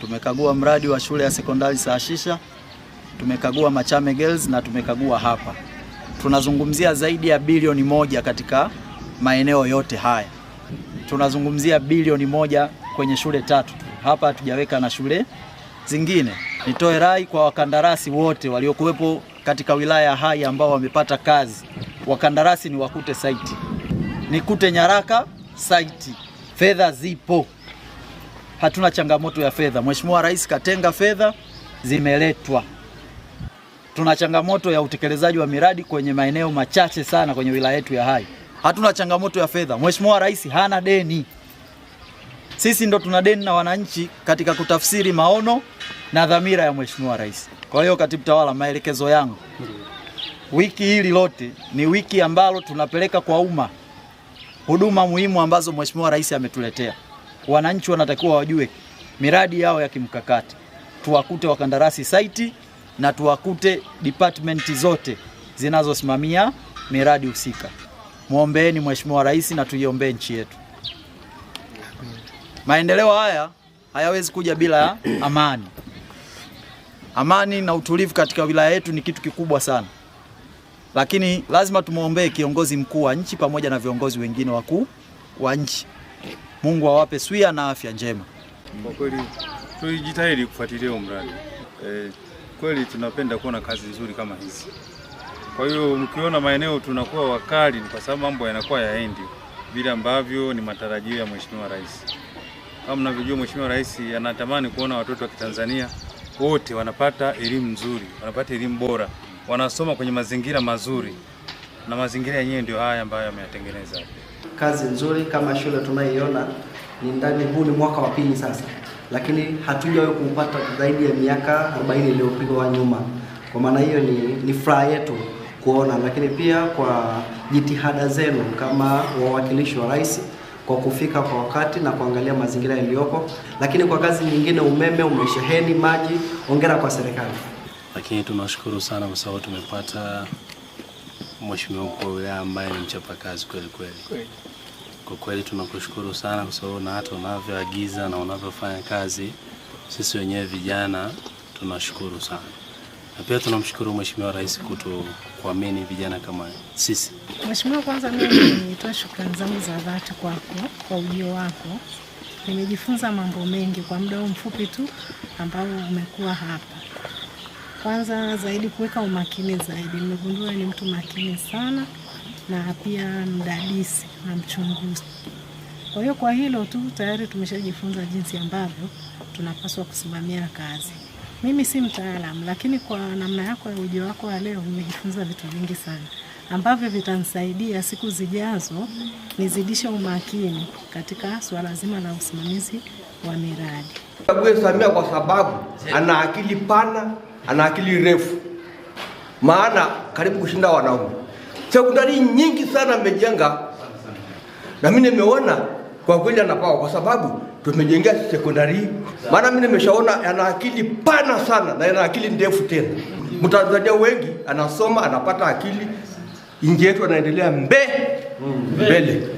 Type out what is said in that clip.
Tumekagua mradi wa shule ya sekondari Saashisha, tumekagua Machame Girls na tumekagua hapa. Tunazungumzia zaidi ya bilioni moja katika maeneo yote haya, tunazungumzia bilioni moja kwenye shule tatu hapa, hatujaweka na shule zingine. Nitoe rai kwa wakandarasi wote waliokuwepo katika wilaya Hai ambao wamepata kazi, wakandarasi ni wakute saiti, nikute nyaraka saiti, fedha zipo hatuna changamoto ya fedha. Mheshimiwa Rais katenga fedha, zimeletwa. Tuna changamoto ya utekelezaji wa miradi kwenye maeneo machache sana kwenye wilaya yetu ya Hai. Hatuna changamoto ya fedha. Mheshimiwa Rais hana deni, sisi ndo tuna deni na wananchi katika kutafsiri maono na dhamira ya Mheshimiwa Rais. Kwa hiyo, katibu tawala, maelekezo yangu wiki hili lote ni wiki ambalo tunapeleka kwa umma huduma muhimu ambazo Mheshimiwa Rais ametuletea wananchi wanatakiwa wajue miradi yao ya kimkakati, tuwakute wakandarasi saiti na tuwakute department zote zinazosimamia miradi husika. Mwombeeni Mheshimiwa Rais na tuiombee nchi yetu. Maendeleo haya hayawezi kuja bila amani. Amani na utulivu katika wilaya yetu ni kitu kikubwa sana, lakini lazima tumwombee kiongozi mkuu wa nchi pamoja na viongozi wengine wakuu wa nchi. Mungu awape swia na afya njema. Kwa kweli tulijitahidi kufuatilia umradi mradi e, kweli tunapenda kuona kazi nzuri kama hizi. Kwa hiyo mkiona maeneo tunakuwa wakali, ni kwa sababu mambo yanakuwa yaendi vile ambavyo ni matarajio ya Mheshimiwa Rais. Kama mnavyojua, Mheshimiwa Rais anatamani kuona watoto wa Kitanzania wote wanapata elimu nzuri, wanapata elimu bora, wanasoma kwenye mazingira mazuri, na mazingira yenyewe ndio haya ambayo ameyatengeneza kazi nzuri kama shule tunayoiona ni ndani, huu ni mwaka wa pili sasa, lakini hatujawahi kumpata zaidi ya miaka 40 iliyopigwa nyuma. Kwa maana hiyo ni, ni furaha yetu kuona, lakini pia kwa jitihada zenu kama wawakilishi wa rais kwa kufika kwa wakati na kuangalia mazingira yaliyopo. Lakini kwa kazi nyingine, umeme umesheheni, maji, ongera kwa serikali. Lakini tunashukuru sana kwa sababu tumepata mheshimiwa mkuu wa wilaya ambaye ni mchapakazi kweli kweli. Kwa kweli tunakushukuru sana kwa sababu na hata unavyoagiza na unavyofanya kazi, sisi wenyewe vijana tunashukuru sana, na pia tunamshukuru mheshimiwa rais kutu kuamini vijana kama sisi. Mheshimiwa, kwanza mimi nitoa shukrani zangu za dhati kwako kwa ujio wako. Nimejifunza mambo mengi kwa muda huu mfupi tu ambao umekuwa hapa kwanza zaidi kuweka umakini zaidi. Nimegundua ni mtu makini sana na pia mdadisi na mchunguzi. Kwa hiyo kwa hilo tu tayari tumeshajifunza jinsi ambavyo tunapaswa kusimamia kazi. Mimi si mtaalamu, lakini kwa namna yako ya ujio wako wa leo nimejifunza vitu vingi sana ambavyo vitanisaidia siku zijazo nizidishe umakini katika swala zima la usimamizi wa miradi. Mzee Samia kwa sababu ana akili pana, ana akili refu, maana karibu kushinda wanaume. Sekondari nyingi sana amejenga, na mimi nimeona kwa kweli anapawa, kwa sababu tumejengea sekondari. Maana mimi nimeshaona ana akili pana sana na ana akili ndefu tena. Mtanzania wengi anasoma, anapata akili inji yetu anaendelea mbe mbele.